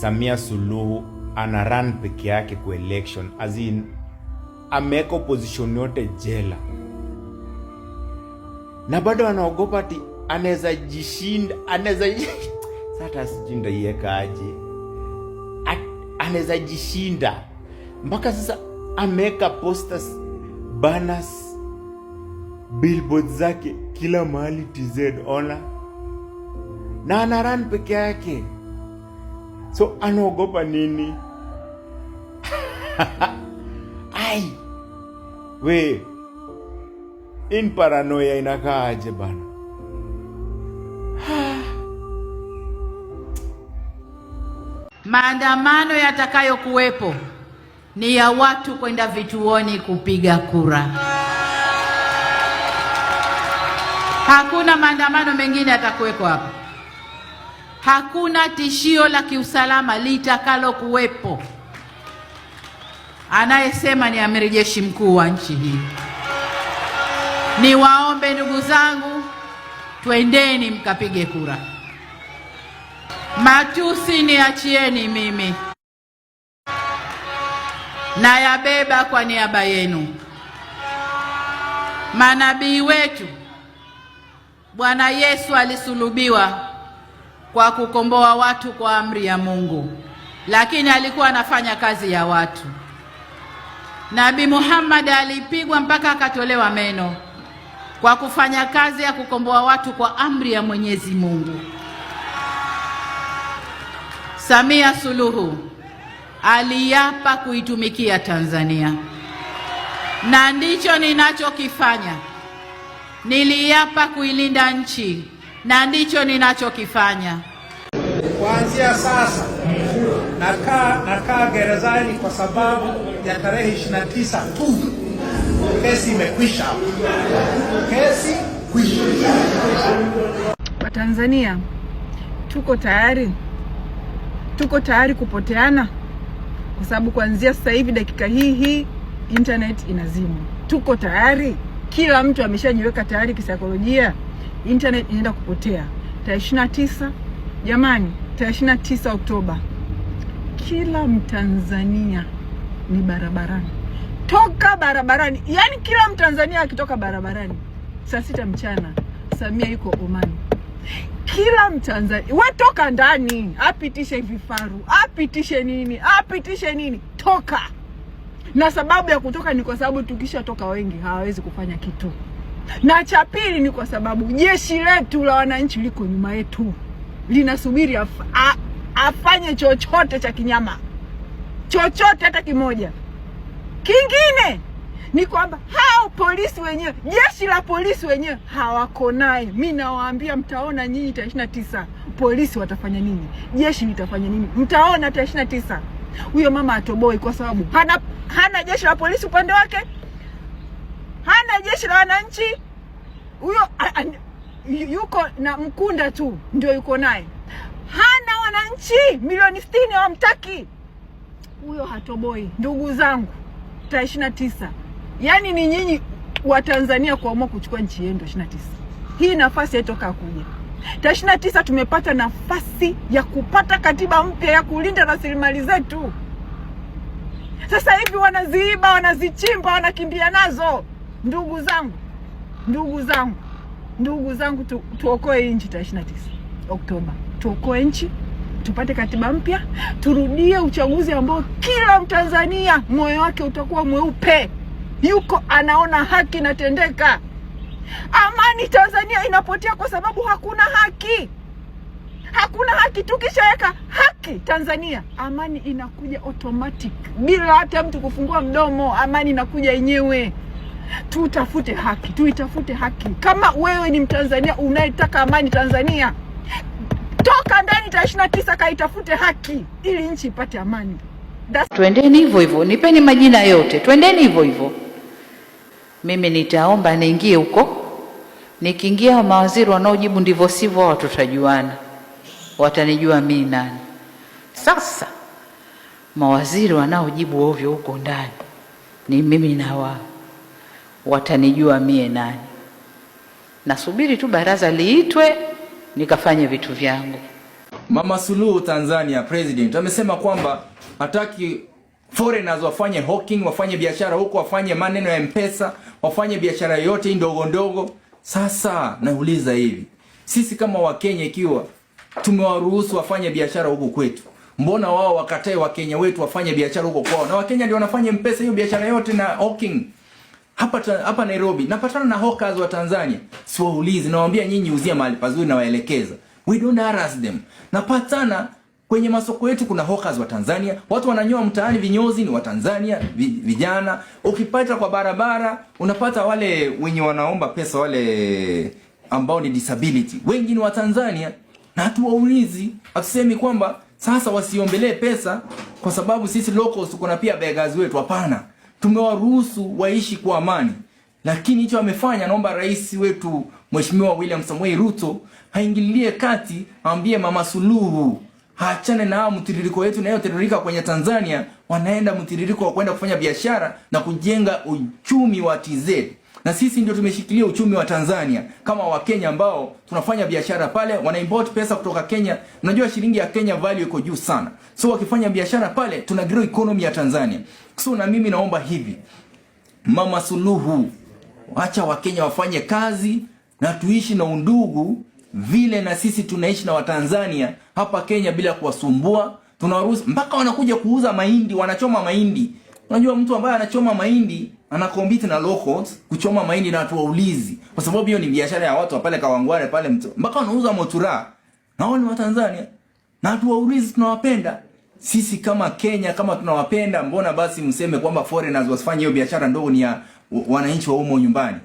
Samia Suluhu ana run peke yake kwa election, as in ameweka opposition yote jela, na bado anaogopa ati anaweza jishinda, anaweza sasa sijinda iweka aje, anaweza jishinda mpaka sasa ameweka posters, banners, billboard zake kila mahali TZ, ona na ana run peke yake. So anaogopa nini? Ai, we in paranoia inakaaje bana? Maandamano yatakayokuwepo ni ya watu kwenda vituoni kupiga kura. Hakuna maandamano mengine yatakuweko hapa hakuna tishio la kiusalama litakalo kuwepo. Anayesema ni amiri jeshi mkuu wa nchi hii. Niwaombe ndugu zangu, twendeni mkapige kura. Matusi niachieni mimi, nayabeba kwa niaba yenu. Manabii wetu, Bwana Yesu alisulubiwa kwa kukomboa watu kwa amri ya Mungu, lakini alikuwa anafanya kazi ya watu. nabi Muhammad alipigwa mpaka akatolewa meno kwa kufanya kazi ya kukomboa watu kwa amri ya Mwenyezi Mungu. Samia Suluhu aliapa kuitumikia Tanzania na ndicho ninachokifanya. Niliapa kuilinda nchi na ndicho ninachokifanya kuanzia sasa. Nakaa nakaa gerezani kwa sababu ya tarehe 29 tu. Kesi imekwisha, kesi kwisha. Watanzania tuko tayari, tuko tayari kupoteana kwa sababu kuanzia sasa hivi dakika hii hii internet inazimwa. Tuko tayari, kila mtu ameshajiweka tayari kisaikolojia internet inaenda kupotea tarehe ishirini tisa jamani, tarehe ishirini tisa Oktoba kila Mtanzania ni barabarani, toka barabarani. yani kila Mtanzania akitoka barabarani saa sita mchana, Samia yuko Omani. Kila Mtanzania we toka ndani, apitishe vifaru, apitishe nini, apitishe nini, toka. Na sababu ya kutoka ni kwa sababu tukishatoka wengi hawawezi kufanya kitu na cha pili ni kwa sababu jeshi letu la wananchi liko nyuma yetu, linasubiri af afanye chochote cha kinyama, chochote hata kimoja. Kingine ni kwamba hao polisi wenyewe, jeshi la polisi wenyewe hawako naye. Mi nawaambia mtaona nyinyi tarehe ishirini na tisa polisi watafanya nini, jeshi litafanya nini, mtaona tarehe ishirini na tisa. Huyo mama atoboi kwa sababu hana, hana jeshi la polisi upande wake jeshi la wananchi huyo yuko na Mkunda tu ndio yuko naye, hana wananchi milioni sitini mtaki huyo, hatoboi. Ndugu zangu, tarehe ishirini na tisa, yaani ni nyinyi Watanzania kuamua kuchukua nchi yenu ishirini na tisa. Hii nafasi haitoka kuja. Tarehe ishirini na tisa tumepata nafasi ya kupata katiba mpya ya kulinda rasilimali zetu. Sasa hivi wanaziiba, wanazichimba, wanakimbia nazo. Ndugu zangu, ndugu zangu, ndugu zangu tuokoe nchi tarehe 29 Oktoba, tuokoe nchi tupate katiba mpya, turudie uchaguzi ambao kila Mtanzania moyo wake utakuwa mweupe, yuko anaona haki inatendeka. Amani Tanzania inapotea kwa sababu hakuna haki, hakuna haki. Tukishaweka haki Tanzania, amani inakuja automatic bila hata mtu kufungua mdomo, amani inakuja yenyewe tutafute haki, tuitafute haki. Kama wewe ni Mtanzania unayetaka amani Tanzania, toka ndani tarehe ishirini na tisa kaitafute haki ili nchi ipate amani. Twendeni hivyo hivyo, nipeni majina yote, twendeni hivyo hivyo. Mimi nitaomba niingie huko, nikiingia mawaziri wanaojibu ndivyo sivyo, wao tutajuana, watanijua mimi nani. Sasa mawaziri wanaojibu ovyo huko ndani ni mimi na wao watanijua mie nani. Nasubiri tu baraza liitwe nikafanye vitu vyangu. Mama Suluhu Tanzania president amesema kwamba hataki foreigners wafanye hawking, wafanye biashara huko, wafanye maneno ya mpesa, wafanye biashara yote hii ndogo ndogo. Sasa nauliza hivi, sisi kama Wakenya ikiwa tumewaruhusu wafanye biashara huko kwetu, mbona wao wakatae Wakenya wetu wafanye biashara huko kwao? Na Wakenya ndio wanafanya mpesa hiyo biashara yote na hawking hapa hapa Nairobi napatana na hawkers wa Tanzania, siwaulizi, nawaambia nyinyi uzia mahali pazuri, nawaelekeza. We don't harass them. Napatana kwenye masoko yetu, kuna hawkers wa Tanzania, watu wananyoa mtaani, vinyozi ni wa Tanzania, vijana. Ukipata kwa barabara unapata wale wenye wanaomba pesa, wale ambao ni disability, wengi ni wa Tanzania, na hatuwaulizi. Hatusemi kwamba sasa wasiombelee pesa kwa sababu sisi locals tuko na pia beggars wetu, hapana tumewaruhusu waishi kwa amani, lakini hicho amefanya. Naomba rais wetu Mheshimiwa William Samoei Ruto haingilie kati, aambie Mama Suluhu haachane na hao mtiririko wetu inayotiririka kwenye Tanzania, wanaenda mtiririko wa kwenda kufanya biashara na kujenga uchumi wa TZ, na sisi ndio tumeshikilia uchumi wa Tanzania kama Wakenya ambao tunafanya biashara pale, wana import pesa kutoka Kenya. Unajua shilingi ya Kenya value iko juu sana, so wakifanya biashara pale tuna grow economy ya Tanzania. So na mimi naomba hivi, Mama Suluhu, acha Wakenya wafanye kazi na tuishi na undugu vile na sisi tunaishi na Watanzania hapa Kenya bila kuwasumbua. Tunawaruhusu mpaka wanakuja kuuza mahindi, wanachoma mahindi. Unajua mtu ambaye anachoma mahindi anakompete na locals kuchoma mahindi na watu waulizi, kwa sababu hiyo ni biashara ya watu pale Kawangware pale mtu, mpaka wanauza motura na wao ni Watanzania na watu waulizi, tunawapenda sisi kama Kenya kama tunawapenda, mbona basi mseme kwamba foreigners wasifanye hiyo biashara ndogo ni ya wananchi wa umo nyumbani?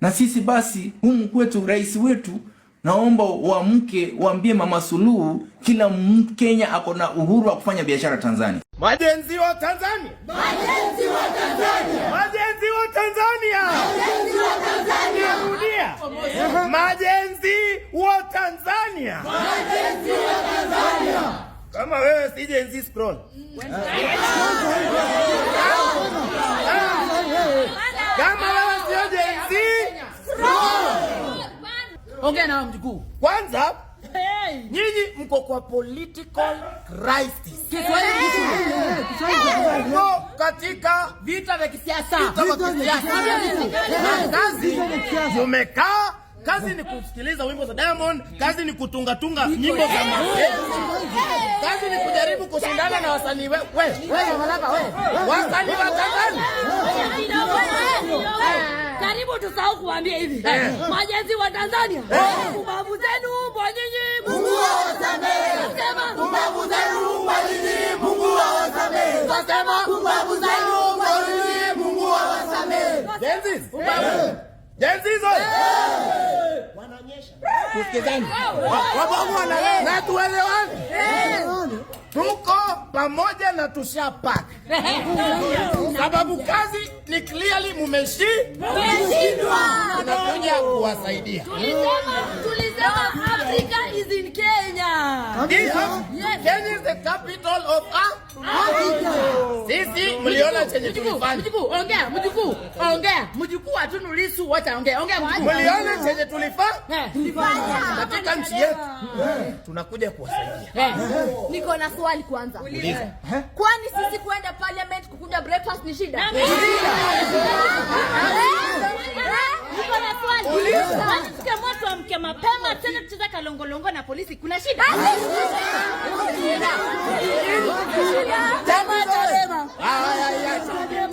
Na sisi basi humu kwetu, rais wetu, naomba wamke, waambie Mama Suluhu kila Mkenya ako na uhuru wa kufanya biashara Tanzania. Majenzi wa Tanzania, majenzi wa Tanzania, majenzi wa Tanzania, majenzi wa Tanzania, majenzi wa Tanzania, majenzi wa Tanzania. Kama wewe si Gen scroll. Kama wewe si Gen scroll. Ongea na mjukuu. Kwanza nyinyi mko kwa political crisis. Mko katika vita vya kisiasa. Vita vya Kazi, mmekaa Kazi ni kusikiliza wimbo za Diamond, kazi ni kutunga tunga nyimbo za mapenzi, kazi ni kujaribu kushindana na wasanii we, we, we, wasanii wa Tanzania. Karibu tusahau kuambia hivi eh. majenzi wa Tanzania, ubavu eh. zenu kwa nyinyi Mungu awasamehe, ubavu zenu kwa nyinyi Mungu awasamehe, ubavu zenu kwa nyinyi Mungu awasamehe tuko pamoja na tushapata, sababu kazi ni clearly mumeshindwa, tunakuja kuwasaidia. Africa is in Kenya. Kenya is the capital of Africa. Sisi mliona chenye tulifanya. Mjukuu, ongea, mjukuu, ongea. Mjukuu wa Lissu wacha ongea. Ongea mjukuu. Mliona chenye tulifanya? Eh, tulifanya. Katika nchi eh. yetu eh, tunakuja kuwasaidia. Niko na swali kwanza. Kwani sisi kwenda parliament kukunywa breakfast ni shida? Mke moto mapema tena kalongolongo na polisi kuna shida. Ah,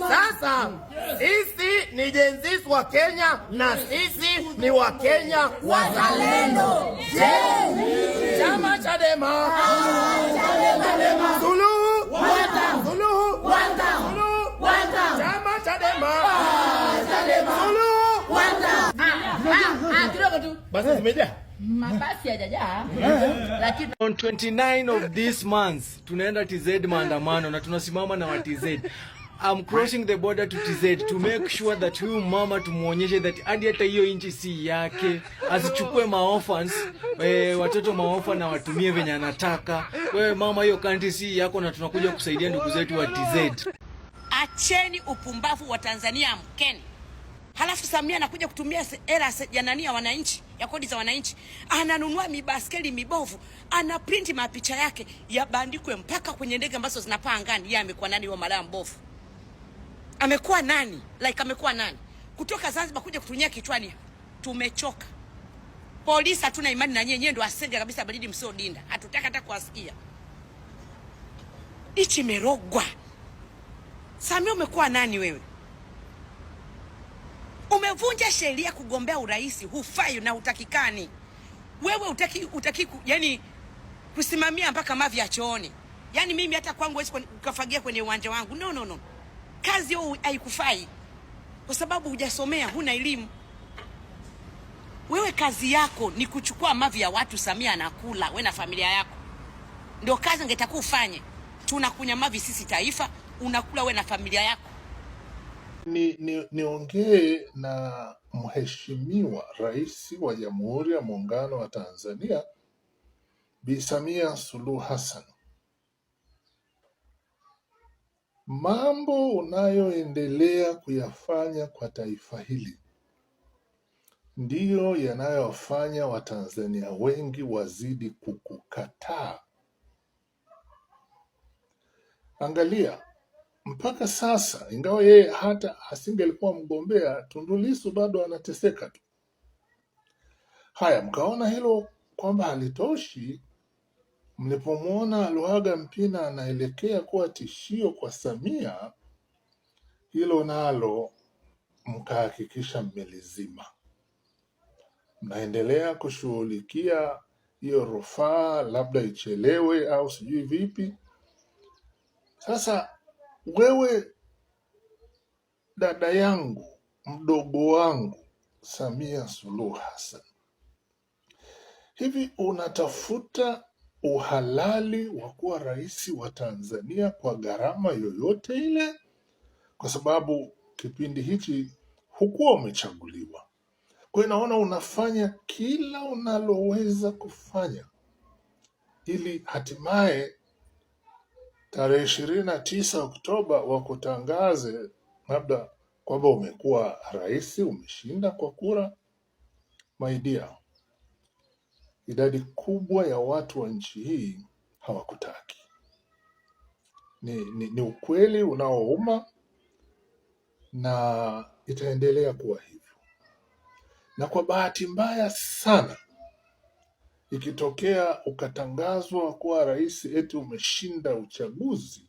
Sasa sisi ni jenzisi wa Kenya na sisi ni wa Kenya wazalendo. Chama Chadema Ukiondoka tu basi eh. zimejaa mabasi hajajaa, eh. on 29 of this month tunaenda TZ maandamano na tunasimama na wa TZ. I'm crossing the border to TZ to make sure that huyu mama tumuonyeshe that hadi hata hiyo inchi si yake, asichukue maofans e, eh, watoto maofa na watumie venye anataka. Wewe mama, hiyo kanti si yako, na tunakuja kusaidia ndugu zetu wa TZ. Acheni upumbavu wa Tanzania, mkeni Halafu Samia anakuja kutumia hela ya nani ya wananchi, ya kodi za wananchi, ananunua mibaskeli mibovu, ana print mapicha yake yabandikwe mpaka kwenye ndege ambazo zinapaa angani. Yeye amekuwa nani wa malaya mbovu? Amekuwa nani? Like amekuwa nani? Kutoka Zanzibar kuja kutunyia kichwani. Tumechoka. Polisi hatuna imani na nyie, nyie ndo asenge kabisa baridi msio dinda. Hatutaka hata kuwasikia. Ichi merogwa. Samia umekuwa nani wewe? Umevunja sheria kugombea urais, hufai na utakikani. Wewe utaki, utaki yani kusimamia mpaka mavi ya chooni. Yani mimi hata kwangu wezi ukafagia kwenye uwanja wangu. No, no, no. Kazi hiyo haikufai kwa sababu hujasomea, huna elimu. Wewe kazi yako ni kuchukua mavi ya watu, Samia anakula, we na familia yako. Ndio kazi ungetakiwa ufanye. Tunakunya mavi sisi taifa, unakula we na familia yako. Ni, ni, niongee na Mheshimiwa Rais wa Jamhuri ya Muungano wa Tanzania Bi Samia Suluhu Hassan. Mambo unayoendelea kuyafanya kwa taifa hili ndiyo yanayofanya Watanzania wengi wazidi kukukataa. Angalia mpaka sasa, ingawa yeye hata asingelikuwa mgombea, Tundu Lissu bado anateseka tu. Haya, mkaona hilo kwamba halitoshi, mlipomwona Luhaga Mpina anaelekea kuwa tishio kwa Samia, hilo nalo mkahakikisha mmelizima. Mnaendelea kushughulikia hiyo rufaa, labda ichelewe au sijui vipi. Sasa wewe dada yangu, mdogo wangu Samia Suluhu Hassan, hivi unatafuta uhalali wa kuwa rais wa Tanzania kwa gharama yoyote ile? Kwa sababu kipindi hichi hukuwa umechaguliwa. Kwa hiyo naona unafanya kila unaloweza kufanya ili hatimaye tarehe ishirini na tisa Oktoba wakutangaze labda kwamba umekuwa rais, umeshinda kwa kura. My dear, idadi kubwa ya watu wa nchi hii hawakutaki. Ni, ni, ni ukweli unaouma na itaendelea kuwa hivyo, na kwa bahati mbaya sana ikitokea ukatangazwa kuwa rais eti umeshinda uchaguzi,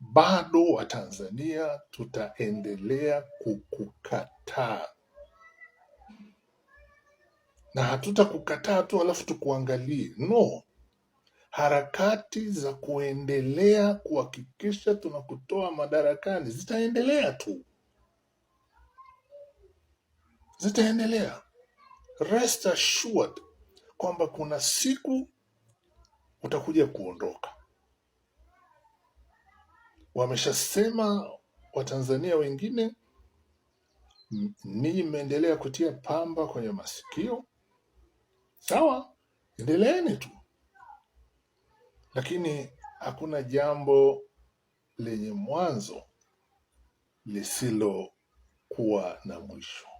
bado Watanzania tutaendelea kukukataa na hatutakukataa tu alafu tukuangalie. No, harakati za kuendelea kuhakikisha tunakutoa madarakani zitaendelea tu, zitaendelea. Rest assured kwamba kuna siku utakuja kuondoka. Wameshasema Watanzania wengine, ninyi mmeendelea kutia pamba kwenye masikio, sawa, endeleeni tu, lakini hakuna jambo lenye mwanzo lisilokuwa na mwisho.